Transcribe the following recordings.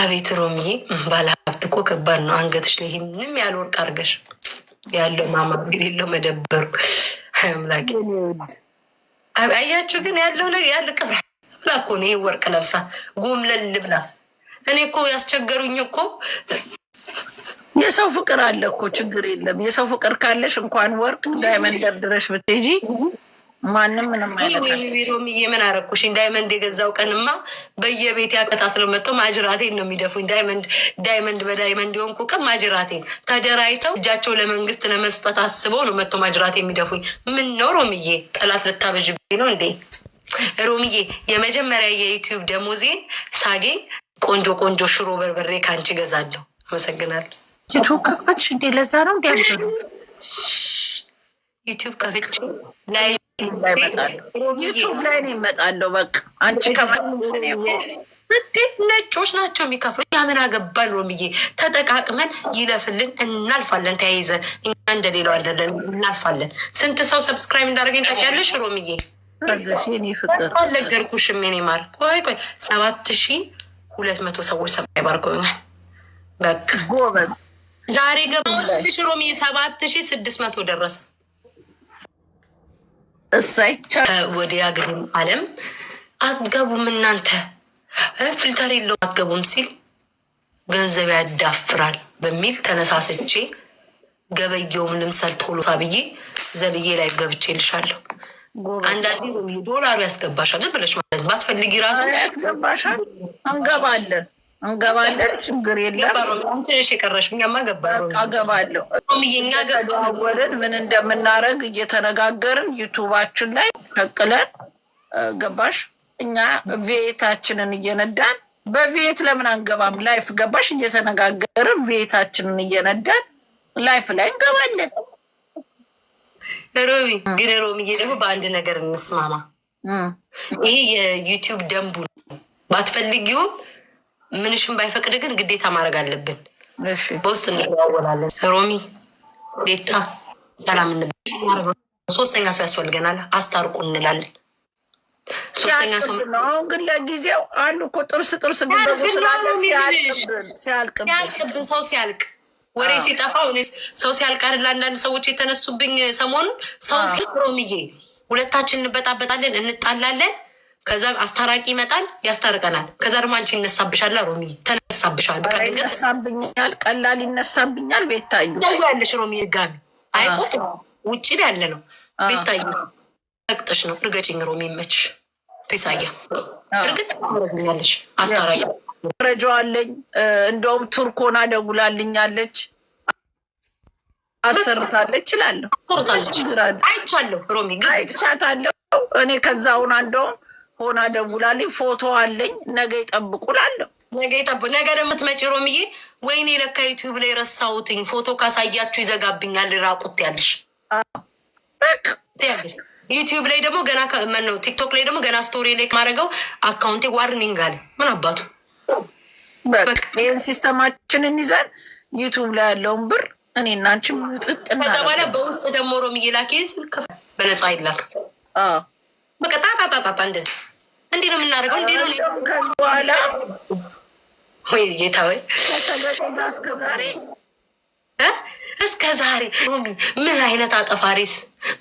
አቤት ሮምዬ ባለ ሀብት እኮ ከባድ ነው። አንገትሽ ላይ ይህንም ያለ ወርቅ አድርገሽ ያለው ማማ የሌለው መደበሩ አምላክ አያችሁ። ግን ያለው ያለ ቅብራ ብላ እኮ ነው ይሄ ወርቅ ለብሳ ጎምለል ብላ። እኔ እኮ ያስቸገሩኝ እኮ የሰው ፍቅር አለ እኮ ችግር የለም። የሰው ፍቅር ካለሽ እንኳን ወርቅ ዳይመንደር ድረሽ ብትሄጂ ማንም ምንም ቢሮምዬ ምን አደረኩሽኝ? ዳይመንድ የገዛው ቀንማ በየቤት ያከታትለው መጥቶ ማጅራቴን ነው የሚደፉኝ። ዳይመንድ ዳይመንድ በዳይመንድ የሆንኩ ቀን ማጅራቴን ተደራጅተው እጃቸው ለመንግስት ለመስጠት አስበው ነው መጥቶ ማጅራቴ የሚደፉኝ። ምን ነው ሮምዬ፣ ጠላት ልታበዥ ነው እንዴ? ሮምዬ የመጀመሪያ የዩቲዩብ ደሞዜን ሳጌ ቆንጆ ቆንጆ ሽሮ በርበሬ ከአንቺ ገዛለሁ። አመሰግናል። ዩቱብ ከፈትሽ እንዴ? ለዛ ነው እንዲ ዩቱብ ከፍቼ ላይ ዩቱብ ላይ ነው ይመጣለሁ። በቃ አንቺ እንዴት ነጮች ናቸው የሚከፍሉ? ያምን አገባን ነው ብዬ ተጠቃቅመን ይለፍልን እናልፋለን። ተያይዘን እኛ እንደሌለው አይደለን፣ እናልፋለን። ስንት ሰው ሰብስክራይብ እንዳደረገኝ ታውቂያለሽ ሮምዬ? አልነገርኩሽም የኔ ማር። ቆይ ቆይ ሰባት ሺ ሁለት መቶ ሰዎች ሰብስክራይብ አድርገውኛል። በቃ ዛሬ ገባሁልሽ ሮምዬ፣ ሰባት ሺ ስድስት መቶ ደረሰ። እሳይቻ ወዲያ ግድም አለም አትገቡም እናንተ ፊልተር የለውም አትገቡም ሲል ገንዘብ ያዳፍራል በሚል ተነሳስቼ ገበየውም ልምሰል ቶሎ ሳብዬ ዘልዬ ላይ ገብቼ ልሻለሁ። አንዳንዴ ዶላሩ ያስገባሻል ዝም ብለሽ ማለት ባትፈልጊ ራሱ ያስገባሻል። እንገባለን እንገባለን። ችግር የለም። እኛ ገባወልን ምን እንደምናደርግ እየተነጋገርን ዩቱባችን ላይ ፈቅለን ገባሽ እኛ ቤታችንን እየነዳን በቤት ለምን አንገባም? ላይፍ ገባሽ እየተነጋገርን ቤታችንን እየነዳን ላይፍ ላይ እንገባለን። ሮሚ ግን ሮሚዬ ደግሞ በአንድ ነገር እንስማማ። ይሄ የዩቲዩብ ደንቡ ነው። ባትፈልጊውም ምንሽም ባይፈቅድ ግን ግዴታ ማድረግ አለብን። በውስጥ እንዋወላለን። ሮሚ ቤታ ሰላም እንበል። ሶስተኛ ሰው ያስፈልገናል። አስታርቁ እንላለን። ሶስተኛ ሰው ግን ለጊዜው አንዱ እኮ ጥርስ ጥርስ ጉበጉ ስላለ ሲያልቅብን ሰው ሲያልቅ ወሬ ሲጠፋ ሰው ሲያልቅ አይደል? አንዳንድ ሰዎች የተነሱብኝ ሰሞኑን ሰው ሲያልቅ ሮሚዬ፣ ሁለታችን እንበጣበጣለን፣ እንጣላለን ከዛ አስታራቂ ይመጣል ያስታርቀናል። ከዛ ደግሞ አንቺ ይነሳብሻል፣ ሮሚ ተነሳብሻል፣ ይነሳብኛል፣ ቀላል ይነሳብኛል። ቤታዩ ያለሽ ሮሚ ጋሚ አይቆት ውጭ ያለ ነው ቤታዩ ጠቅጠሽ ነው እርገጭኝ ሮሚ መች ፔሳያ እርግጥ ያለሽ አስታራቂ ረጃዋለኝ። እንደውም ቱርኮና ደውላልኛለች አሰርታለች እችላለሁ አይቻለሁ ሮሚ አይቻታለሁ እኔ ከዛውን አንደውም ሆና ደውላልኝ ፎቶ አለኝ ነገ ይጠብቁ ይጠብቁላለሁ። ነገ ይጠብ ነገ ደምት ትመጪ ሮምዬ፣ ወይኔ ለካ ዩቲዩብ ላይ ረሳሁትኝ ፎቶ ካሳያችሁ ይዘጋብኛል ራቁት ያለሽ ዩቲዩብ ላይ ደግሞ ገና መነው ቲክቶክ ላይ ደግሞ ገና ስቶሪ ላይ ማድረገው አካውንቴ ዋርኒንግ አለ። ምን አባቱ ይህን ሲስተማችንን ይዘን ዩቲዩብ ላይ ያለውን ብር እኔ እና ጥጥ ከዛ በኋላ በውስጥ ደግሞ ሮምዬ ላኪ ስልክ በነፃ ይላክ በቃ ጣጣጣጣ እንደዚህ እንዴ ነው የምናደርገው? እንዴ ነው በኋላ ወይ ጌታ ወይ እስከ ዛሬ ሮሚ ምን አይነት አጠፋሪስ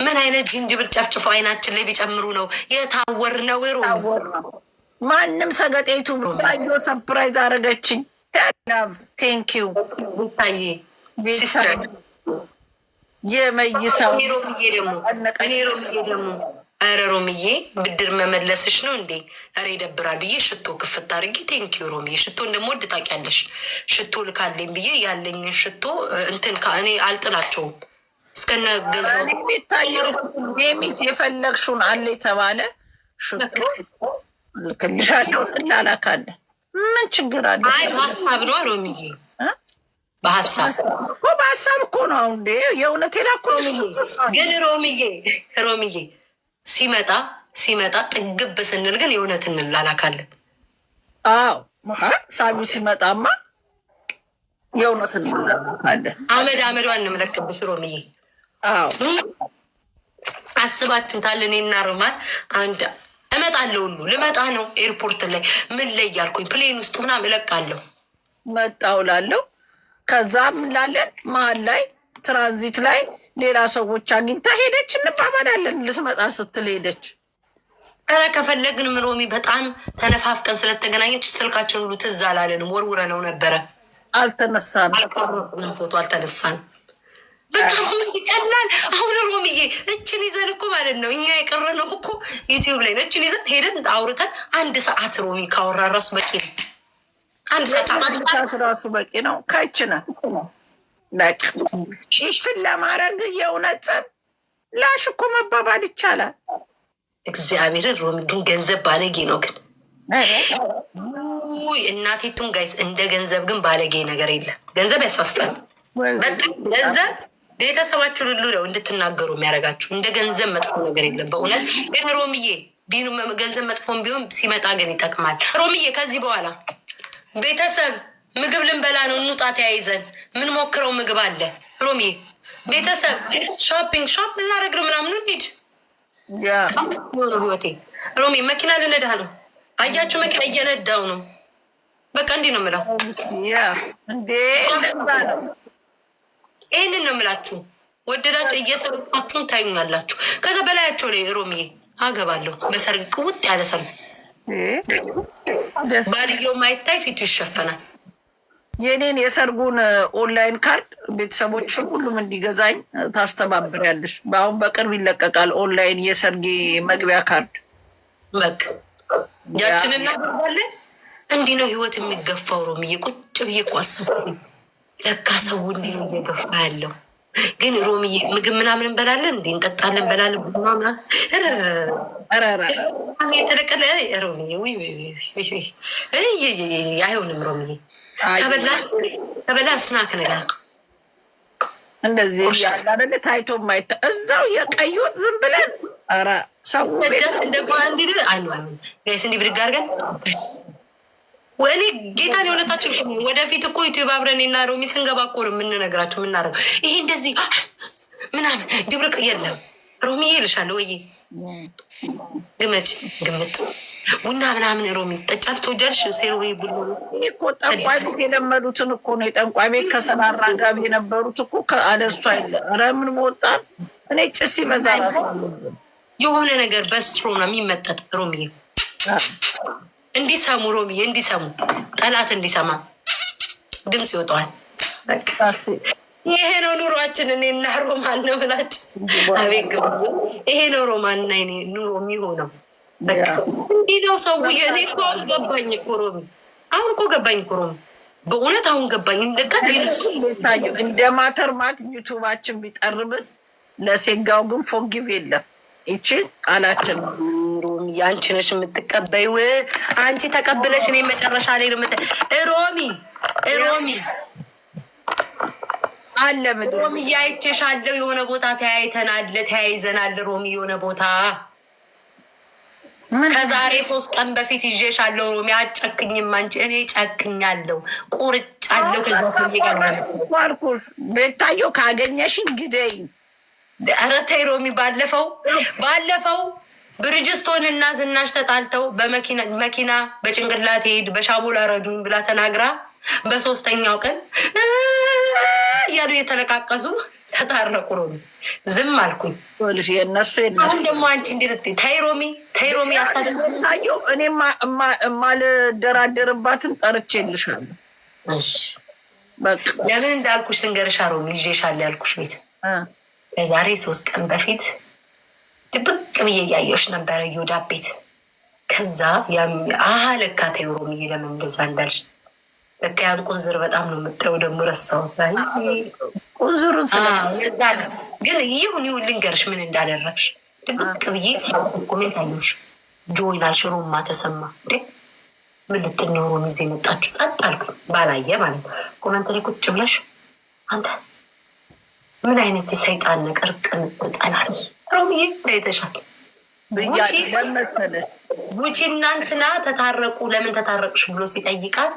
ምን አይነት ጅንጅብል ጨፍጭፎ አይናችን ላይ ቢጨምሩ ነው የታወር ነው ሮሚ ማንም ሰገጤቱ ባዮ ሰርፕራይዝ አረገችኝ። ቴንክ ዩ ታዬ ሲስተር የመይሰው እኔ ሮሚዬ ደግሞ እኔ ሮሚዬ ደግሞ ኧረ ሮምዬ ብድር መመለስሽ ነው እንዴ? ኧረ ይደብራል ብዬ ሽቶ ክፍት አድርጌ ቴንኪዩ ሮምዬ፣ ሽቶ እንደምወድ ታውቂያለሽ። ሽቶ ልካለኝ ብዬ ያለኝን ሽቶ እንትን እኔ አልጥላቸውም እስከነ ገዛሚት የፈለግሽውን አለ የተባለ ሽቶ ልክልሻለሁ፣ እናላካለ ምን ችግር አለ? ሀሳብ ነው ሮምዬ፣ በሀሳብ በሀሳብ እኮ ነው። አሁን የእውነት የላኩ ግን ሮምዬ ሮምዬ ሲመጣ ሲመጣ ጥግብ ስንል ግን የእውነት እንላላካለን። አዎ ሳሚ ሲመጣማ የእውነት እንላላካለን። አመድ አመዷን እንመለክብሽ ሮምዬ። አዎ አስባችሁታል። እኔና ሮማን አንድ እመጣለሁ ሁሉ ልመጣ ነው። ኤርፖርት ላይ ምን ላይ እያልኩኝ ፕሌን ውስጥ ምናምን እለቃለሁ መጣውላለሁ ላለሁ ከዛ ምን ላለን መሀል ላይ ትራንዚት ላይ ሌላ ሰዎች አግኝታ ሄደች፣ እንባባላለን። ልትመጣ ስትል ሄደች። ኧረ ከፈለግን ምሮሚ በጣም ተነፋፍቀን ስለተገናኘች ስልካችን ሁሉ ትዝ አላለንም። ወርውረ ነው ነበረ አልተነሳን፣ ፎቶ አልተነሳን። በጣም ይቀላል። አሁን ሮሚዬ እችን ይዘን እኮ ማለት ነው እኛ የቀረነው እኮ ዩቲዩብ ላይ እችን ይዘን ሄደን አውርተን አንድ ሰዓት ሮሚ ካወራ ራሱ በቂ ነው። አንድ ሰዓት ራሱ በቂ ነው። ከችነን በቃ ይችን ለማድረግ የእውነት ጸብ ላሽ እኮ መባባል ይቻላል። እግዚአብሔርን ሮሚ ግን ገንዘብ ባለጌ ነው። ግን እናቴቱን ጋይስ እንደ ገንዘብ ግን ባለጌ ነገር የለም። ገንዘብ ያሳስታል። በጣም ገንዘብ ቤተሰባችሁ ሁሉ ነው እንድትናገሩ የሚያደርጋችሁ። እንደ ገንዘብ መጥፎ ነገር የለም። በእውነት ግን ሮሚዬ ገንዘብ መጥፎም ቢሆን ሲመጣ ግን ይጠቅማል። ሮምዬ ከዚህ በኋላ ቤተሰብ ምግብ ልንበላ ነው እንውጣ ተያይዘን ምን ሞክረው ምግብ አለ ሮሚ ቤተሰብ ሾፒንግ ሾፕ እናደርግ ነው ምናምን እንሂድ ህይወቴ ሮሚ መኪና ልነዳህ ነው አያችሁ መኪና እየነዳው ነው በቃ እንዲህ ነው የምለው ይህንን ነው የምላችሁ ወደዳቸው እየሰርታችሁን ታዩኛላችሁ ከዛ በላያቸው ላይ ሮሚ አገባለሁ በሰርግ ቅውጥ ያለ ሰርግ ባልየው ማይታይ ፊቱ ይሸፈናል የእኔን የሰርጉን uh, ኦንላይን ካርድ ቤተሰቦችም ሁሉም እንዲገዛኝ ታስተባብሪያለሽ። በአሁን በቅርብ ይለቀቃል ኦንላይን የሰርጌ መግቢያ ካርድ በቃ ያችን እናደርጋለን። እንዲህ ነው ህይወት የሚገፋው። ሮምዬ ቁጭ ብዬ እኮ አሰብኩኝ ለካ ሰው እንዲህ እየገፋ ያለው ግን ሮምዬ ምግብ ምናምን እንበላለን እንዴ እንጠጣለን፣ እንበላለን ምናምን የተለቀለ ሮምዬ አይሆንም። ሮምዬ ከበላ ስናክ ነገር እንደዚህ ያላለ ታይቶ ማይተ እዛው የቀዩ ዝም ብለን ሰው እንደ እንዲ አይ አይሆን ጋይስ እንዲህ ብድግ አድርገን ወእኔ ጌታ የእውነታችን ወደፊት እኮ ዩቲዩብ አብረን እና ሮሚ ስንገባ እኮ ነው የምንነግራቸው የምናደርገው። ይሄ እንደዚህ ምናምን ድብርቅ የለም። ሮሚ ይልሻለ ወይ ግመጭ ግምጥ ቡና ምናምን ሮሚ ጠጫት ተወጃልሽ ሴሮ ቡና እኮ ጠንቋይ ቤት የለመዱትን እኮ ነው። የጠንቋይ ቤት ከሰራራ ጋቢ የነበሩት እኮ አለሱ አይለ ረምን ወጣ እኔ ጭስ ይበዛል። የሆነ ነገር በስትሮ ነው የሚመጠጥ ሮሚ እንዲሰሙ ሮሚ እንዲሰሙ ጠላት እንዲሰማ ድምፅ ይወጣዋል። ይሄ ነው ኑሯችን። እኔ እና ሮማን ነው ብላችሁ አቤግ ይሄ ነው ሮማን እና እኔ ኑሮ የሚሆነው እንዲህ ነው ሰው እኔ እኮ አሁን ገባኝ እኮ ሮሚ፣ አሁን እኮ ገባኝ እኮ ሮሚ፣ በእውነት አሁን ገባኝ። እንደጋ እንደ ማተርማት ዩቱባችን ቢጠርብን ለሴጋው ግን ፎጊቭ የለም። ይቺ ቃላችን ነው አንቺ ነሽ የምትቀበይው። አንቺ ተቀብለሽ እኔ መጨረሻ ላይ ነው ምት ሮሚ ሮሚ አለ ሮሚ እያይቼሻለሁ። የሆነ ቦታ ተያይተናል፣ ተያይዘናል። ሮሚ የሆነ ቦታ ከዛሬ ሶስት ቀን በፊት ይዤሻለሁ። ሮሚ አጨክኝም አንቺ እኔ ጨክኛለሁ፣ ቁርጫለሁ። ከዛ ሰውዬ ጋር ማርኩስ ቤታዮ ካገኘሽ ግደይ። ኧረ ተይ ሮሚ ባለፈው ባለፈው ብርጅስቶን እና ዝናሽ ተጣልተው በመኪና በጭንቅላት ሄድ በሻቦላ ረዱኝ ብላ ተናግራ በሶስተኛው ቀን እያሉ የተለቃቀሱ ተታረቁ። ሮሚ ዝም አልኩኝ። የእነሱ አሁን ደግሞ አንቺ እንዴት ተይ ሮሚ ተይ ሮሚ አታየው። እኔ የማልደራደርባትን ጠርቼልሻለሁ። ለምን እንዳልኩሽ ልንገርሻ ሮሚ፣ ይዤሻለሁ ያልኩሽ ቤት ከዛሬ ሶስት ቀን በፊት ድብቅ ብዬ እያየሽ ነበረ ዮዳ ቤት። ከዛ አሀ ለካ ተይሮም ሮምዬ ለምን እንደዛ እንዳልሽ ለካ ያን ቁንዝር በጣም ነው የምጠው። ደግሞ ረሳሁት ቁንዝሩ ግን ይሁን ይሁን ልንገርሽ ምን እንዳደረግሽ ድብቅ ብዬ ኮሜንት አየሁሽ። ጆይን አልሽ ሮማ ተሰማ ምን ልትኖሩ ይዘ የመጣችሁ ጸጥ አልኩ። ባላየ ማለት ነው ኮመንት ላይ ቁጭ ብለሽ አንተ ምን አይነት የሰይጣን ቅርቅን ትጠላለሽ ሮሚዬ ተይተሻል። ጉቺ እናንትና ተታረቁ ለምን ተታረቅሽ ብሎ ሲጠይቃት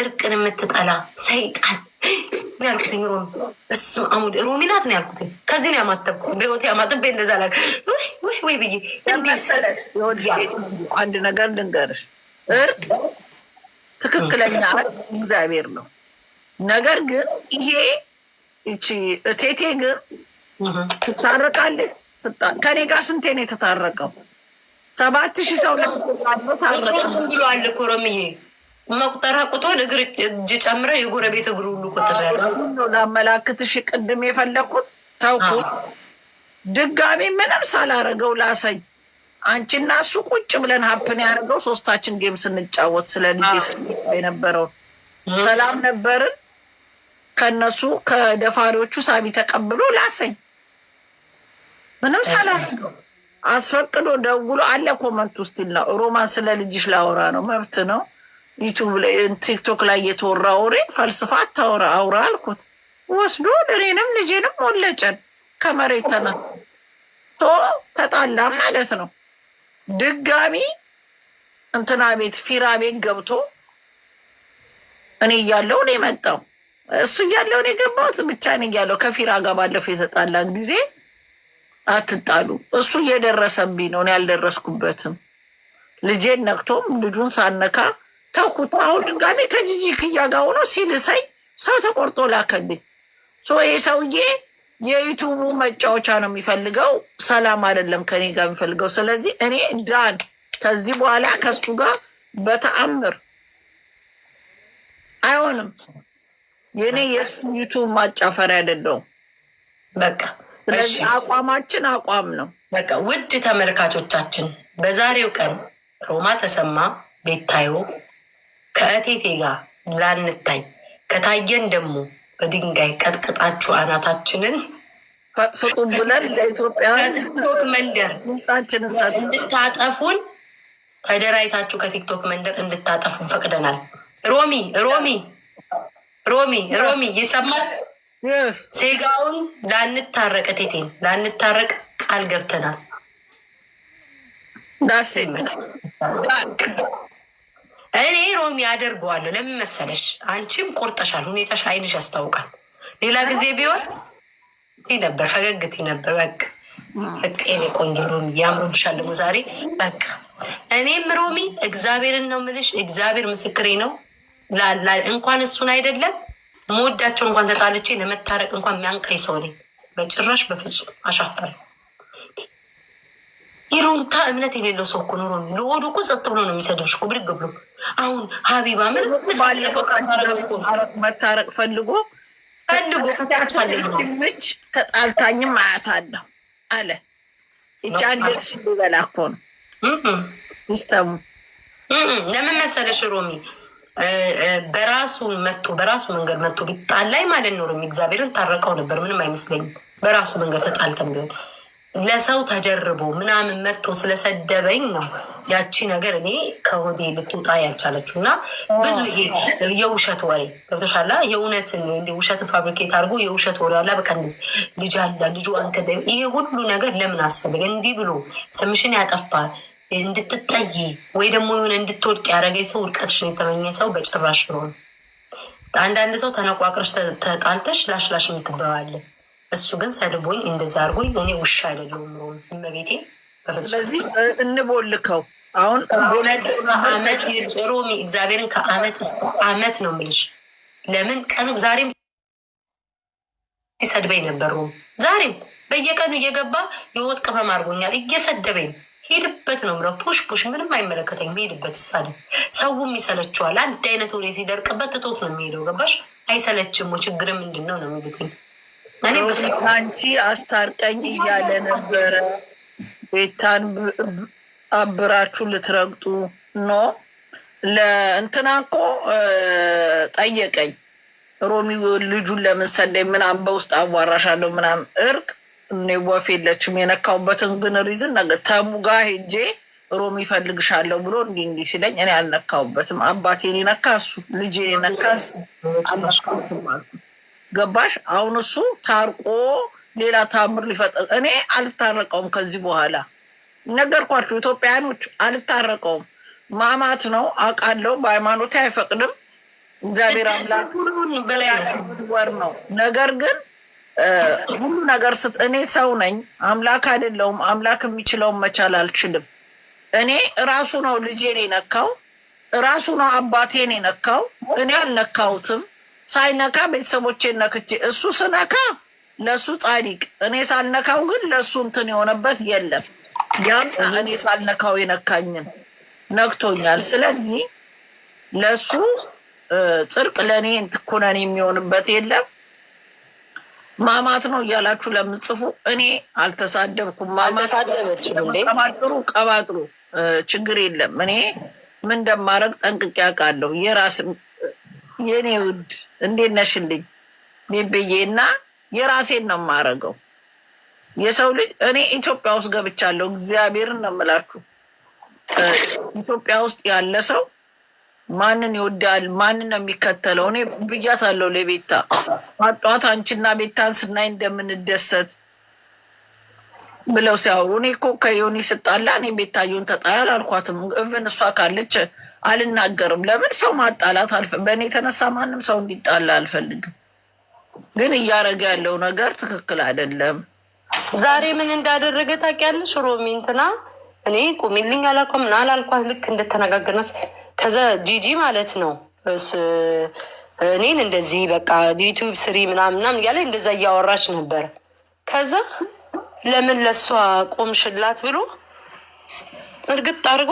እርቅን የምትጠላ ሰይጣን ያልኩትኝ ሮሚ እሱ አሙድ ወልድ ሮሚ ናት ነው ያልኩትኝ። ከዚህ ነው ያማተብኩ በህይወት ያማጥብ እንደዛ ላ ወይ ብዬ አንድ ነገር ልንገርሽ፣ እርቅ ትክክለኛ እግዚአብሔር ነው። ነገር ግን ይሄ እቺ እቴቴ ግን ትታረቃለች። ከኔ ጋር ስንቴ ነው የተታረቀው? ሰባት ሺህ ሰው ቁጥሩን ብሏል እኮ ሮምዬ፣ መቁጠር አቅቶ እግር እጅ ጨምረ የጎረቤት እግር ሁሉ ቁጥር ያለው ላመላክትሽ ቅድም የፈለግኩት ተውኩ። ድጋሚ ምንም ሳላረገው ላሰኝ አንቺና እሱ ቁጭ ብለን ሀፕን ያደርገው ሶስታችን ጌም ስንጫወት ስለ ልጅ የነበረው ሰላም ነበርን። ከነሱ ከደፋሪዎቹ ሳቢ ተቀብሎ ላሰኝ ምንም ሳላደርገው አስፈቅዶ ደውሎ አለ ኮመንት ውስጥ ይላል። ሮማን ስለ ልጅሽ ላወራ ነው መብት ነው። ዩቱብ ቲክቶክ ላይ የተወራ ወሬ ፈልስፋ አታወራ አውራ አልኩት። ወስዶ እኔንም ልጄንም ወለጨን ከመሬት ተነስቶ ተጣላ ማለት ነው። ድጋሚ እንትና ቤት ፊራ ቤት ገብቶ እኔ እያለው ነው መጣው እሱ እያለው ነው የገባሁት ብቻ እኔ እያለው ከፊራ ጋር ባለፈው የተጣላን ጊዜ አትጣሉ። እሱ እየደረሰብኝ ነው፣ ያልደረስኩበትም ልጄን ነክቶም ልጁን ሳነካ ተኩት። አሁን ድጋሜ ከጂጂ ክያ ጋር ሆኖ ሲልሰኝ ሰው ተቆርጦ ላከልኝ። ይሄ ሰውዬ የዩቱቡ መጫወቻ ነው የሚፈልገው፣ ሰላም አይደለም ከኔ ጋር የሚፈልገው። ስለዚህ እኔ ዳን ከዚህ በኋላ ከሱ ጋር በተአምር አይሆንም። የእኔ የእሱ ዩቱብ ማጫፈሪያ አይደለውም በቃ ስለዚህ አቋማችን አቋም ነው። በቃ ውድ ተመልካቾቻችን በዛሬው ቀን ሮማ ተሰማ ቤታዮ ከእቴቴ ጋር ላንታይ ከታየን ደግሞ በድንጋይ ቀጥቅጣችሁ አናታችንን ፈጥፍጡ ብለን ለኢትዮጵያ መንደር እንድታጠፉን ተደራይታችሁ ከቲክቶክ መንደር እንድታጠፉን ፈቅደናል። ሮሚ ሮሚ ሮሚ ሮሚ ይሰማል። ሴጋውን ላንታረቅ ቴቴን ላንታረቅ ቃል ገብተናል። እኔ ሮሚ አደርገዋለሁ። ለምን መሰለሽ? አንቺም ቆርጠሻል። ሁኔታሽ አይንሽ ያስታውቃል። ሌላ ጊዜ ቢሆን ቲ ነበር ፈገግቲ ነበር። በቃ በቃ የኔ ቆንጆ ሮሚ ያምሩብሻል። ደግሞ ዛሬ በቃ እኔም ሮሚ እግዚአብሔርን ነው የምልሽ። እግዚአብሔር ምስክሬ ነው። እንኳን እሱን አይደለም መወዳቸው እንኳን ተጣልቼ ለመታረቅ እንኳን የሚያንቀኝ ሰው ነኝ። በጭራሽ በፍጹም አሻፍታለሁ። ይሩንታ እምነት የሌለው ሰው እኮ ኑሮ ለወዱ እኮ ጸጥ ብሎ ነው የሚሰደብሽ እኮ ብድግ ብሎ። አሁን ሀቢባ ምን መታረቅ ፈልጎ ፈልጎ ምች ተጣልታኝም አለው አለ። ይህች አንዴት ሽሉ በላ እኮ ነው ሲስተሙ። ለምን መሰለሽ ሮሚ በራሱ መጥቶ በራሱ መንገድ ቢጣል ላይ ማለት ኖሮ እግዚአብሔርን ታረቀው ነበር። ምንም አይመስለኝም። በራሱ መንገድ ተጣልተን ቢሆን ለሰው ተጀርቦ ምናምን መጥቶ ስለሰደበኝ ነው ያቺ ነገር እኔ ከሆዴ ልትወጣ ያልቻለችው እና ብዙ ይሄ የውሸት ወሬ ገብቶሻላ። የእውነትን ውሸትን ፋብሪኬት አድርጎ የውሸት ወሬ አላ በቃ ልጅ አላ ልጁ አንከ ይሄ ሁሉ ነገር ለምን አስፈልገ? እንዲህ ብሎ ስምሽን ያጠፋል እንድትጠይ ወይ ደግሞ የሆነ እንድትወድቅ ያደረገ ሰው ውድቀትሽን የተመኘ ሰው በጭራሽ ነው። አንዳንድ ሰው ተነቋቅረሽ ተጣልተሽ ላሽላሽ የምትበባለ እሱ ግን ሰድቦኝ እንደዚ አድርጎኝ እኔ ውሻ አይደለሁም ሆ እመቤቴ። ስለዚህ እንቦልከው አሁን ሁለት ዓመት ሮሚ እግዚአብሔርን ከአመት እስከ አመት ነው የምልሽ። ለምን ቀኑ ዛሬም ሲሰድበኝ ነበር ዛሬም በየቀኑ እየገባ የወጥ ቅመም አድርጎኛል እየሰደበኝ ሄድበት ነው ምለው ፑሽ ፑሽ ምንም አይመለከተኝም። ሄድበት ይሳለ ሰውም ይሰለችዋል። አንድ አይነት ወሬ ሲደርቅበት ትቶት ነው የሚሄደው። ገባሽ? አይሰለችም። ችግር ምንድን ነው ነው የሚሉትኝ። እኔ አንቺ አስታርቀኝ እያለ ነበረ። ቤታን አብራችሁ ልትረግጡ ኖ ለእንትና እኮ ጠየቀኝ ሮሚ ልጁን ለምን ሰደኝ ምናምን፣ በውስጥ አዋራሻለሁ ምናምን እርቅ እኔ ወፍ የለችም የነካውበትን ግን ሪዝን ነገ ተሙጋ ሄጄ ሮሚ ይፈልግሻለሁ ብሎ እንዲህ እንዲህ ሲለኝ እኔ አልነካውበትም። አባቴን የነካ እሱ ልጄን የነካ እሱ ገባሽ? አሁን እሱ ታርቆ ሌላ ታምር ሊፈጠር እኔ አልታረቀውም። ከዚህ በኋላ ነገርኳችሁ፣ ኢትዮጵያኖች አልታረቀውም። ማማት ነው አውቃለሁ። በሃይማኖቴ አይፈቅድም። እግዚአብሔር አምላክ ወር ነው ነገር ግን ሁሉ ነገር ስት እኔ ሰው ነኝ፣ አምላክ አይደለውም። አምላክ የሚችለውን መቻል አልችልም። እኔ እራሱ ነው ልጄን የነካው፣ እራሱ ነው አባቴን የነካው። እኔ አልነካሁትም። ሳይነካ ቤተሰቦቼን ነክቼ እሱ ስነካ ለእሱ ጻዲቅ፣ እኔ ሳልነካው ግን ለእሱ እንትን የሆነበት የለም። ያም እኔ ሳልነካው የነካኝን ነክቶኛል። ስለዚህ ለእሱ ጽድቅ ለእኔ እንትኩነን የሚሆንበት የለም። ማማት ነው እያላችሁ ለምጽፉ እኔ አልተሳደብኩም። ማማት ቀባጥሩ ችግር የለም። እኔ ምን እንደማደርግ ጠንቅቄ አውቃለሁ። የራስ የኔ ውድ እንዴት ነሽልኝ ቤብዬ እና የራሴን ነው የማደርገው። የሰው ልጅ እኔ ኢትዮጵያ ውስጥ ገብቻለሁ። እግዚአብሔርን ነው የምላችሁ ኢትዮጵያ ውስጥ ያለ ሰው ማንን ይወዳል? ማንን ነው የሚከተለው? እኔ ብያት አለው ለቤታ ማጧት አንቺና ቤታን ስናይ እንደምንደሰት ብለው ሲያወሩ እኔ እኮ ከዮኒ ስጣላ እኔ ቤታየውን ተጣያ አላልኳትም። እብን እሷ ካለች አልናገርም። ለምን ሰው ማጣላት አልፈ በእኔ የተነሳ ማንም ሰው እንዲጣላ አልፈልግም። ግን እያደረገ ያለው ነገር ትክክል አይደለም። ዛሬ ምን እንዳደረገ ታውቂያለሽ? ሮሚ እንትና እኔ ቁሚልኝ አላልኳ ምን አላልኳት ልክ እንደተነጋገርና ከዛ ጂጂ ማለት ነው እኔን እንደዚህ በቃ ዩቲዩብ ስሪ ምናምናም እያለ እንደዛ እያወራች ነበር ከዛ ለምን ለእሷ ቆምሽላት ብሎ እርግጥ አድርጎ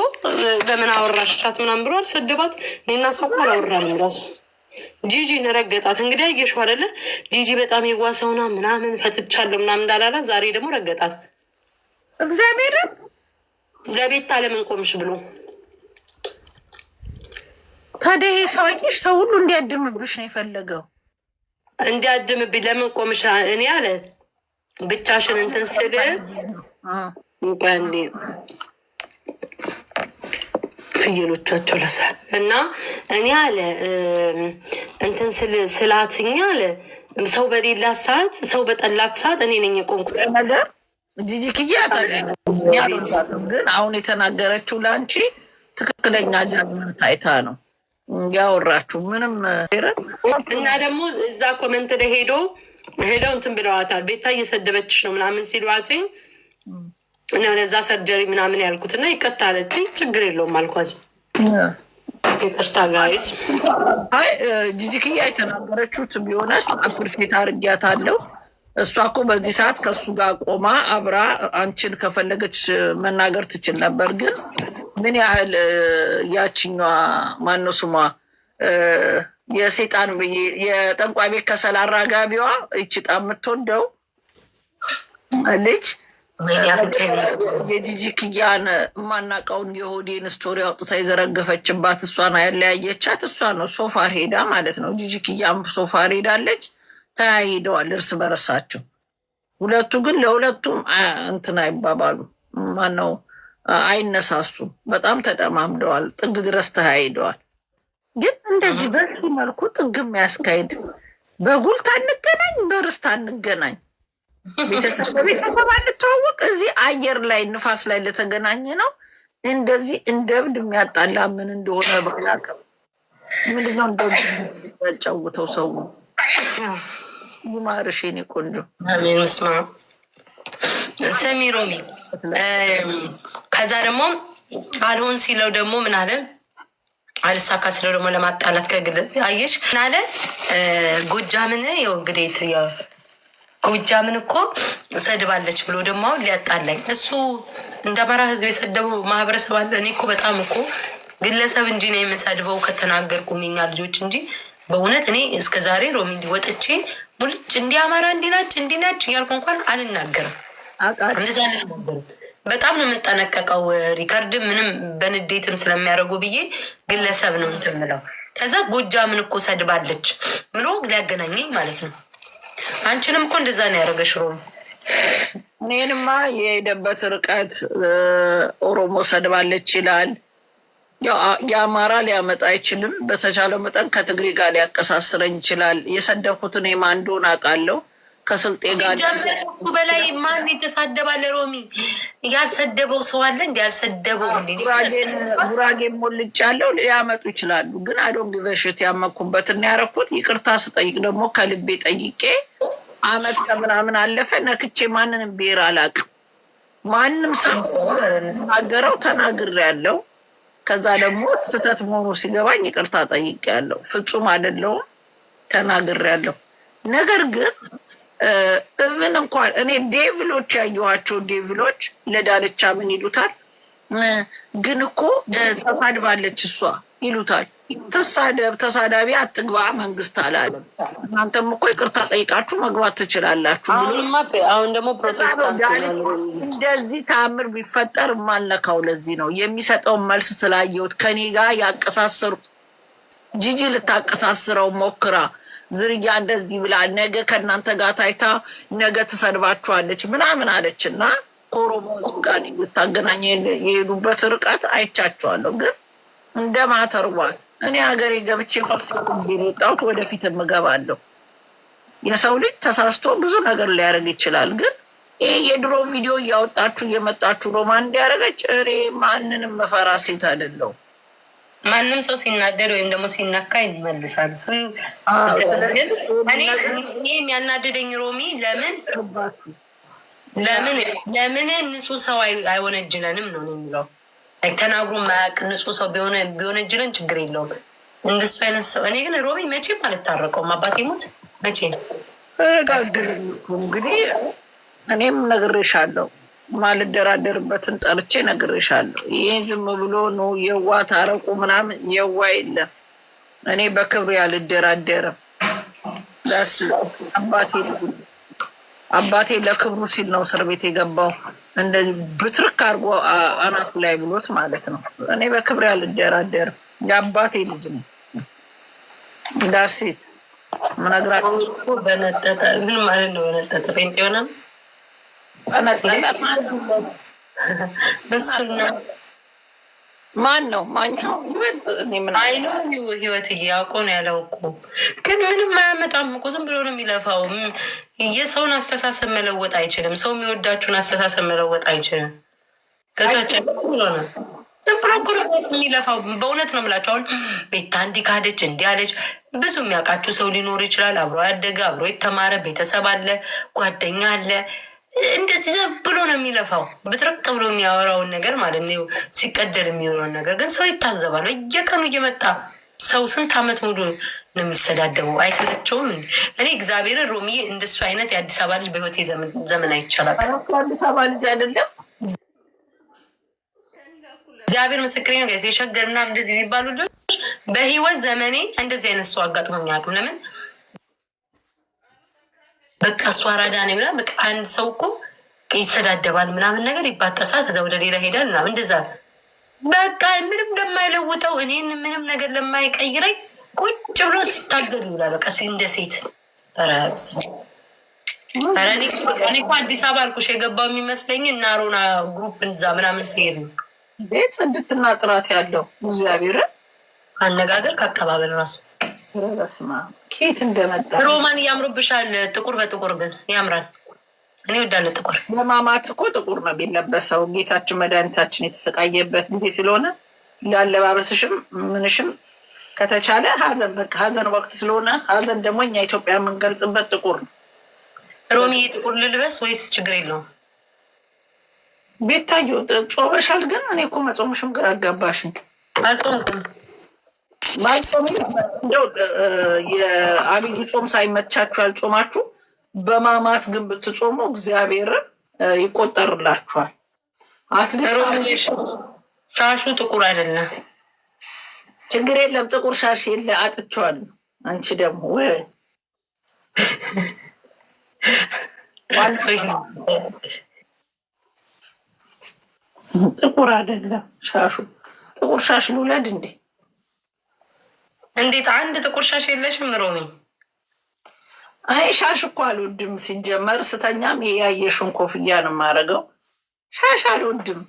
ለምን አወራሻት ምናም ብሎ አልሰደባት። እኔና ሰው አላወራንም ራሱ ጂጂን ረገጣት። እንግዲህ አየሽ አይደለ? ጂጂ በጣም የዋሰውና ምናምን ፈትቻለሁ ምናምን እንዳላላ ዛሬ ደግሞ ረገጣት። እግዚአብሔርን ለቤት ለምን ቆምሽ ብሎ ታዲያ ይሄ ሰውዬሽ ሰው ሁሉ እንዲያድምብሽ ነው የፈለገው። እንዲያድምብኝ ለምን ቆምሻ? እኔ አለ ብቻሽን እንትን ስል እንኳን ፍየሎቻቸው ለሰ እና እኔ አለ እንትን ስል ስላትኛ አለ ሰው በሌላት ሰዓት ሰው በጠላት ሰዓት እኔ ነኝ የቆምኩት ነገር ግን አሁን የተናገረችው ለአንቺ ትክክለኛ ጃጅመንት ታይታ ነው። ያወራችሁ ምንም እና ደግሞ እዛ ኮመንት ላይ ሄዶ ሄደው እንትን ብለዋታል። ቤታ እየሰደበችሽ ነው ምናምን ሲሏትኝ እና ለዛ ሰርጀሪ ምናምን ያልኩት እና ይቅርታ አለችኝ። ችግር የለውም አልኳዝ ይቅርታ ጋይዝ። አይ ጂጂክያ የተናገረችሁት ቢሆነስ ፐርፌክት አድርጊያታለሁ። እሷ እኮ በዚህ ሰዓት ከእሱ ጋር ቆማ አብራ አንቺን ከፈለገች መናገር ትችል ነበር ግን ምን ያህል ያችኛዋ ማነው ስሟ የሴጣን የጠንቋይ ቤት ከሰል አራጋቢዋ እቺ ጣ የምትወደው ልጅ የጂጂ ክያን የሆዴን ስቶሪ አውጥታ የዘረገፈችባት እሷን ያለያየቻት እሷ ነው። ሶፋር ሄዳ ማለት ነው። ጂጂ ሶፋር ሄዳለች። ተያይደዋል እርስ በርሳቸው። ሁለቱ ግን ለሁለቱም እንትን አይባባሉ ማነው አይነሳሱም። በጣም ተደማምደዋል። ጥግ ድረስ ተያይደዋል። ግን እንደዚህ በዚህ መልኩ ጥግ የሚያስካሄድ በጉልት አንገናኝ፣ በርስት አንገናኝ፣ ቤተሰብ አንተዋወቅ፣ እዚህ አየር ላይ ንፋስ ላይ ለተገናኘ ነው እንደዚህ እንደ እብድ የሚያጣላ ምን እንደሆነ ባላውቅም ምንድነው እንደ ያጫውተው ሰው ይማርሽ የኔ ቆንጆ ስሚ ሮሚ፣ ከዛ ደግሞ አልሆን ሲለው ደግሞ ምን አለ? አልሳካ ስለው ደግሞ ለማጣላት ከግል አየሽ ምን አለ? ጎጃምን ይኸው እንግዲህ ጎጃምን እኮ ሰድባለች ብሎ ደግሞ አሁን ሊያጣላኝ እሱ እንደ አማራ ህዝብ የሰደበው ማህበረሰብ አለ። እኔ እኮ በጣም እኮ ግለሰብ እንጂ ነው የምሰድበው ከተናገርኩ የኛ ልጆች እንጂ በእውነት እኔ እስከዛሬ ሮሚ እንዲወጥቼ ሙልጭ እንዲህ አማራ እንዲህ ናች እያልኩ እንኳን አልናገርም። በጣም ነው የምንጠነቀቀው። ሪከርድ ምንም በንዴትም ስለሚያደርጉ ብዬ ግለሰብ ነው እንትን ምለው። ከዛ ጎጃምን እኮ ሰድባለች ብሎ ሊያገናኘኝ ማለት ነው። አንቺንም እኮ እንደዛ ነው ያደረገሽ ሮም። እኔንማ የሄደበት ርቀት ኦሮሞ ሰድባለች ይላል። የአማራ ሊያመጣ አይችልም። በተቻለው መጠን ከትግሪ ጋር ሊያቀሳስረኝ ይችላል። የሰደብኩትን የማንዶን አውቃለሁ ከስልጤ ጋር እሱ በላይ ማን የተሳደባለ? ሮሚ ያልሰደበው ሰው አለ? እንዲ ያልሰደበው ጉራጌን ሞልጭ ያለው ሊያመጡ ይችላሉ። ግን አዶን ቢበሽት ያመኩበትና ያረኩት ይቅርታ ስጠይቅ ደግሞ ከልቤ ጠይቄ አመት ከምናምን አለፈ። ነክቼ ማንንም ብሄር አላቅም። ማንም ሰው ሳገረው ተናግር ያለው ከዛ ደግሞ ስህተት መሆኑ ሲገባኝ ይቅርታ ጠይቄ ያለው ፍጹም አይደለውም ተናግር ያለው ነገር ግን እብን እንኳን እኔ ዴቪሎች ያየኋቸው ዴቪሎች ለዳለቻ ምን ይሉታል? ግን እኮ ተሳድባለች እሷ ይሉታል። ትሳደብ፣ ተሳዳቢ አትግባ መንግስት አላለም። እናንተም እኮ ይቅርታ ጠይቃችሁ መግባት ትችላላችሁ። አሁን ደግሞ ፕሮቴስታንት እንደዚህ ተአምር ቢፈጠር የማልነካው ለዚህ ነው የሚሰጠውን መልስ ስላየሁት ከኔ ጋር ያቀሳሰሩ ጂጂ ልታቀሳስረው ሞክራ ዝርያ እንደዚህ ብላ ነገ ከእናንተ ጋር ታይታ ነገ ትሰድባችኋለች ምናምን አለች እና ከኦሮሞ ህዝብ ጋር የምታገናኝ የሄዱበት ርቀት አይቻቸዋለሁ። ግን እንደ ማተርቧት እኔ ሀገሬ ገብቼ ፈልሰት ወጣሁት፣ ወደፊት እገባለሁ። የሰው ልጅ ተሳስቶ ብዙ ነገር ሊያደርግ ይችላል። ግን ይህ የድሮ ቪዲዮ እያወጣችሁ እየመጣችሁ ሮማን እንዲያደረገች እኔ ማንንም መፈራ ሴት አይደለሁም። ማንም ሰው ሲናደድ ወይም ደግሞ ሲነካ ይመልሳል። እኔ የሚያናድደኝ ሮሚ ለምን ለምን ለምን ንጹህ ሰው አይወነጅለንም ነው የሚለው። ተናግሮ ማያቅ ንጹህ ሰው ቢወነጅለን ችግር የለውም። እንደሱ አይነት ሰው እኔ ግን ሮሚ መቼም አልታረቀውም። አባቴ ሞት መቼ ነው? እኔም ነግሬሻለሁ ማልደራደርበትን ጠርቼ ነግርሻለሁ። ይህን ዝም ብሎ ኑ የዋ ታረቁ ምናምን የዋ የለም። እኔ በክብሬ አልደራደርም። አባቴ ለክብሩ ሲል ነው እስር ቤት የገባው። እንደ ብትርክ አድርጎ አናቱ ላይ ብሎት ማለት ነው። እኔ በክብሬ አልደራደርም። የአባቴ ልጅ ነው። ዳሴት ምነግራቸው በነጠጠ ምን ማለት ነው? በነጠጠ ሆነ ማን ነው ማኛው? ህይወት አውቆ ነው ያለው እኮ ግን ምንም አያመጣም እኮ ዝም ብሎ ነው የሚለፋው። የሰውን አስተሳሰብ መለወጥ አይችልም። ሰው የሚወዳችሁን አስተሳሰብ መለወጥ አይችልም። ገቻቸ ብሎ ነው ዝም ብሎ እኮ ነው የሚለፋው። በእውነት ነው የምላቸው። አሁን ቤታ እንዲህ ካደች እንዲህ አለች። ብዙ የሚያውቃችሁ ሰው ሊኖር ይችላል። አብሮ ያደገ አብሮ የተማረ ቤተሰብ አለ፣ ጓደኛ አለ እንደዚህ ዘ ብሎ ነው የሚለፋው ብጥርቅ ብሎ የሚያወራውን ነገር ማለት ነው። ሲቀደል የሚሆነውን ነገር ግን ሰው ይታዘባል። እየቀኑ እየመጣ ሰው ስንት አመት ሙሉ ነው የሚሰዳደበው? አይሰለቸውም? እኔ እግዚአብሔርን ሮሚዬ እንደሱ አይነት የአዲስ አበባ ልጅ በህይወቴ ዘመን አይቻላል። አዲስ አበባ ልጅ አይደለም እግዚአብሔር ምስክሬ ነው። የሸገርና እንደዚህ የሚባሉ ልጆች በህይወት ዘመኔ እንደዚህ አይነት ሰው አጋጥሞኝ አያውቅም። ለምን በቃ እሱ አራዳ ነው ምናምን በቃ አንድ ሰው እኮ ይሰዳደባል ምናምን ነገር ይባጠሳል፣ ከዛ ወደ ሌላ ሄዳል ምናምን እንደዛ በቃ ምንም ለማይለውጠው እኔን ምንም ነገር ለማይቀይረኝ ቁጭ ብሎ ሲታገል ይውላል። በቃ እንደ ሴት እኔ እኮ አዲስ አበባ አልኩሽ የገባው የሚመስለኝ እና ሮና ግሩፕ እንዛ ምናምን ሲሄድ ነው። ቤት ጽድትና ጥራት ያለው እግዚአብሔርን አነጋገር ከአቀባበል ራሱ ኬት እንደመጣ ሮማን እያምሩብሻል። ጥቁር በጥቁር ግን ያምራል። እኔ ወዳለ ጥቁር። ለማማት እኮ ጥቁር ነው የሚለበሰው። ጌታችን መድኃኒታችን የተሰቃየበት ጊዜ ስለሆነ ላለባበስሽም ምንሽም ከተቻለ ሀዘን በቃ ሐዘን ወቅት ስለሆነ ሀዘን ደግሞ እኛ ኢትዮጵያ የምንገልጽበት ጥቁር ነው። ሮሚ ጥቁር ልልበስ ወይስ ችግር የለውም? ቤታዩ ጾመሻል፣ ግን እኔ እኮ መጾምሽም ግራ አጋባሽኝ። አልጾምኩም የአብይ ጾም ሳይመቻችሁ ጾማችሁ በማማት ግን ብትጾሙ እግዚአብሔር ይቆጠርላችኋል። ሻሹ ጥቁር አይደለም፣ ችግር የለም። ጥቁር ሻሽ የለ አጥቸዋል። አንቺ ደግሞ ወይ ጥቁር አይደለም ሻሹ። ጥቁር ሻሽ ልውለድ እንዴ? እንዴት አንድ ጥቁር ሻሽ የለሽም ሮሚ? እኔ ሻሽ እኮ አልወድም ሲጀመር። ስተኛም ያየሽውን ኮፍያ ነው የማደርገው። ሻሽ አልወድም።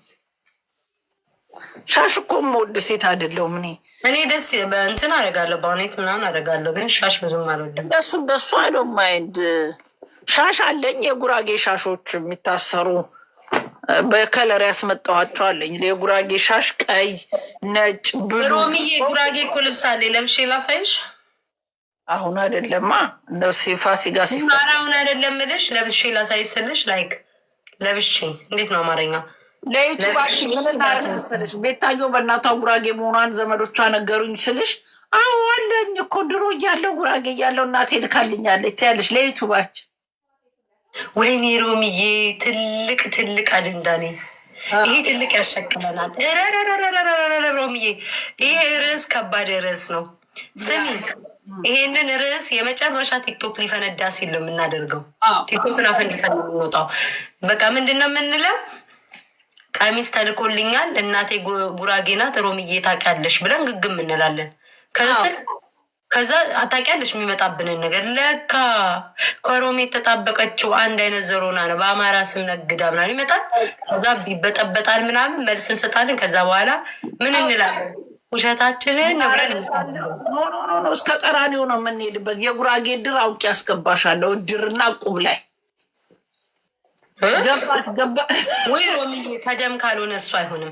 ሻሽ እኮ የምወድ ሴት አይደለሁም እኔ እኔ ደስ በእንትን አደርጋለሁ በአሁኔት ምናምን አደርጋለሁ፣ ግን ሻሽ ብዙም አልወድም። በሱ በሱ አይዶ ማይንድ ሻሽ አለኝ። የጉራጌ ሻሾች የሚታሰሩ በከለር ያስመጣኋቸው አለኝ። የጉራጌ ሻሽ ቀይ ነጭ ብሉ ሮሚዬ ጉራጌ እኮ ልብስ አለ ለብሼ ላሳይሽ። አሁን አይደለማ እንደው ሲፋ ሲጋ ሲፋ አሁን አይደለም ልሽ ለብሼ ላሳይ ስልሽ ላይክ ለብሼ እንዴት ነው አማርኛ ለዩቱባችን ምን ታርመስልሽ? ቤታዮ በእናቷ ጉራጌ መሆኗን ዘመዶቿ ነገሩኝ ስልሽ አዎ አለኝ እኮ ድሮ እያለው ጉራጌ እያለው እናቴ ልካልኛለች ትያለሽ። ለዩቱባችን ወይኔ ሮሚዬ ትልቅ ትልቅ አጀንዳ ነኝ ይሄ ትልቅ ያሸክመናል። ሮምዬ ይሄ ርዕስ ከባድ ርዕስ ነው። ስሚ ይሄንን ርዕስ የመጨረሻ ቲክቶክ ሊፈነዳ ሲል ነው የምናደርገው። ቲክቶክን አፈንድፈን የምንወጣው በቃ ምንድን ነው የምንለው? ቀሚስ ተልኮልኛል እናቴ ጉራጌ ናት ሮምዬ ታውቂያለሽ ብለን ግግም እንላለን ከስር ከዛ አታውቂያለሽ የሚመጣብንን ነገር ለካ ከሮሜ የተጣበቀችው አንድ አይነት ዘሮና ነው። በአማራ ስም ነግዳ ምናምን ይመጣል። ከዛ ይበጠበጣል ምናምን መልስ እንሰጣለን። ከዛ በኋላ ምን እንላለን? ውሸታችንን ነብረን ኖ ኖ ኖ እስከ ቀራኔው ነው የምንሄድበት። የጉራጌ ድር አውቄ አስገባሻለሁ ድርና ቁብ ላይ ገባሽ ገባ ወይ ሮምዬ፣ ከደም ካልሆነ እሱ አይሆንም።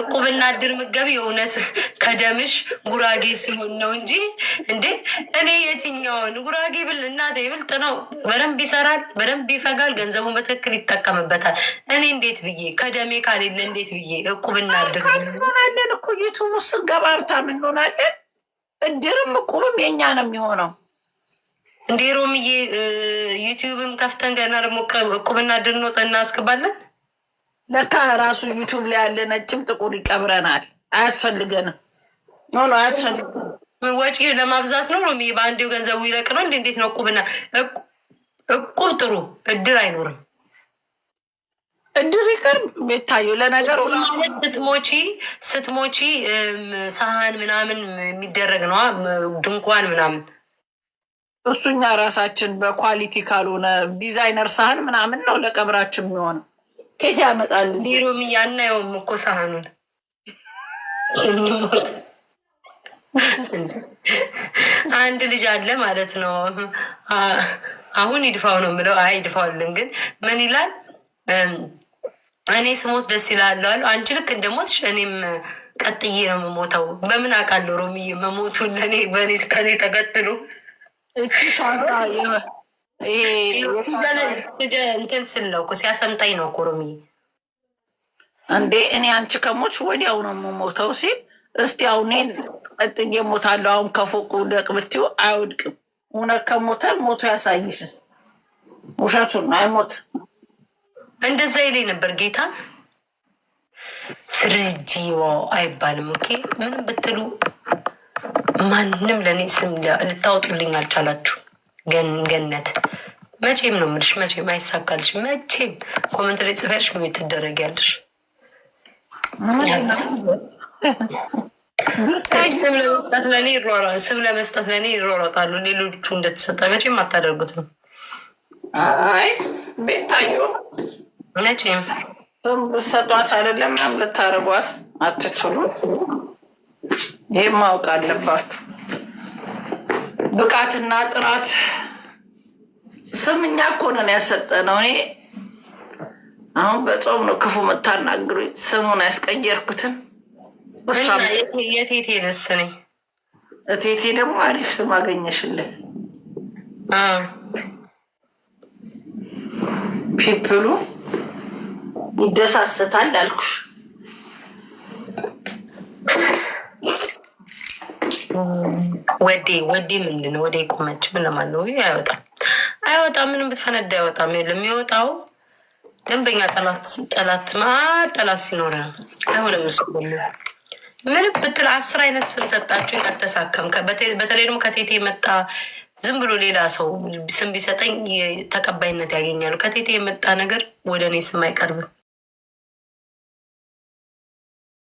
እቁብና እድር ምገብ የእውነት ከደምሽ ጉራጌ ሲሆን ነው እንጂ እንዴ እኔ የትኛውን ጉራጌ ብል እናቴ ይብልጥ ነው። በደንብ ይሰራል፣ በደንብ ይፈጋል፣ ገንዘቡን በትክክል ይጠቀምበታል። እኔ እንዴት ብዬ ከደሜ ካሌለ እንዴት ብዬ እቁብና እድር እንሆናለን እኮ ዩቱብ ውስጥ ገባርታ እንሆናለን። እድርም እቁብም የእኛ ነው የሚሆነው እንዴ ሮምዬ ዩቲዩብም ከፍተን ገና ደግሞ እቁብና ድር እናስገባለን። ለካ ራሱ ዩቲዩብ ላይ ያለ ነጭም ጥቁር ይቀብረናል። አያስፈልገንም። ሆኖ አያስፈልገንም። ወጪ ለማብዛት ነው ሮምዬ። በአንዴው ገንዘቡ ይለቅ ነው እንዴ? እንዴት ነው እቁብና እቁብ ጥሩ እድር አይኖርም። እድር ይቅርብ ቤታየው ለነገሩ ስትሞቺ ስትሞቺ ሰሃን ምናምን የሚደረግ ነዋ ድንኳን ምናምን እሱኛ ራሳችን በኳሊቲ ካልሆነ ዲዛይነር ሳህን ምናምን ነው ለቀብራችን የሚሆነ ከት ያመጣል ዲሮም የውም እኮ ሳህኑን ስንሞት አንድ ልጅ አለ ማለት ነው። አሁን ይድፋው ነው የምለው፣ አይ ይድፋውልን ግን ምን ይላል? እኔ ስሞት ደስ ይላለዋል። አንቺ ልክ እንደሞትሽ እኔም ቀጥዬ ነው የምሞተው። በምን አውቃለሁ ሮሚዬ መሞቱን ለእኔ በእኔ ከእኔ ተቀጥሎ እቺ ሻንጣ እንትን ስል ነው እኮ ሲያሰምጠኝ ነው ኮሮሚ እንዴ እኔ አንቺ ከሞች ወዲያው ነው የምሞተው ሲል እስቲ አሁን ቀጥጌ ሞታለሁ። አሁን ከፎቁ ውደቅ ብትይው አይወድቅም። እውነት ከሞተ ሞቶ ያሳይሽስ ውሸቱን አይሞት። እንደዛ ይለኝ ነበር ጌታ ስርጂዎ አይባልም። ኦኬ ምንም ብትሉ ማንም ለእኔ ስም ልታወጡልኝ አልቻላችሁ። ገነት መቼም ነው የምልሽ፣ መቼም አይሳካልሽ። መቼም ኮመንት ላይ ጽፈሽ ትደረግ ትደረጊያለሽ። ስም ለመስጠት ለእኔ ይሯሯ ስም ለመስጠት ለእኔ ይሯሯጣሉ። ሌሎቹ እንደተሰጠ መቼም አታደርጉትም። አይ ቤታዩ መቼም ስም ብትሰጧት አይደለም ልታረጓት አትችሉም። ይህም ማወቅ አለባችሁ። ብቃትና ጥራት ስምኛ እኛ እኮ ነን ያሰጠነው። እኔ አሁን በጾም ነው ክፉ ምታናግሩ ስሙን ያስቀየርኩትን የቴቴ ደስ ነኝ። እቴቴ ደግሞ አሪፍ ስም አገኘሽለት። ፒፕሉ ይደሳሰታል አልኩሽ። ወዴ ወዴ ምንድን ነው? ወዴ ቆመች ምን ለማለት ነው? አይወጣም አይወጣም። ምንም ብትፈነዳ አይወጣም። የሚወጣው ደንበኛ ጠላት ጠላት ጠላት ሲኖር ነው። አይሆንም እሱ ምንም ብትል አስር አይነት ስም ሰጣችሁኝ አልተሳካም። በተለይ ደግሞ ከቴቴ የመጣ ዝም ብሎ ሌላ ሰው ስም ቢሰጠኝ ተቀባይነት ያገኛሉ። ከቴቴ የመጣ ነገር ወደ እኔ ስም አይቀርብም።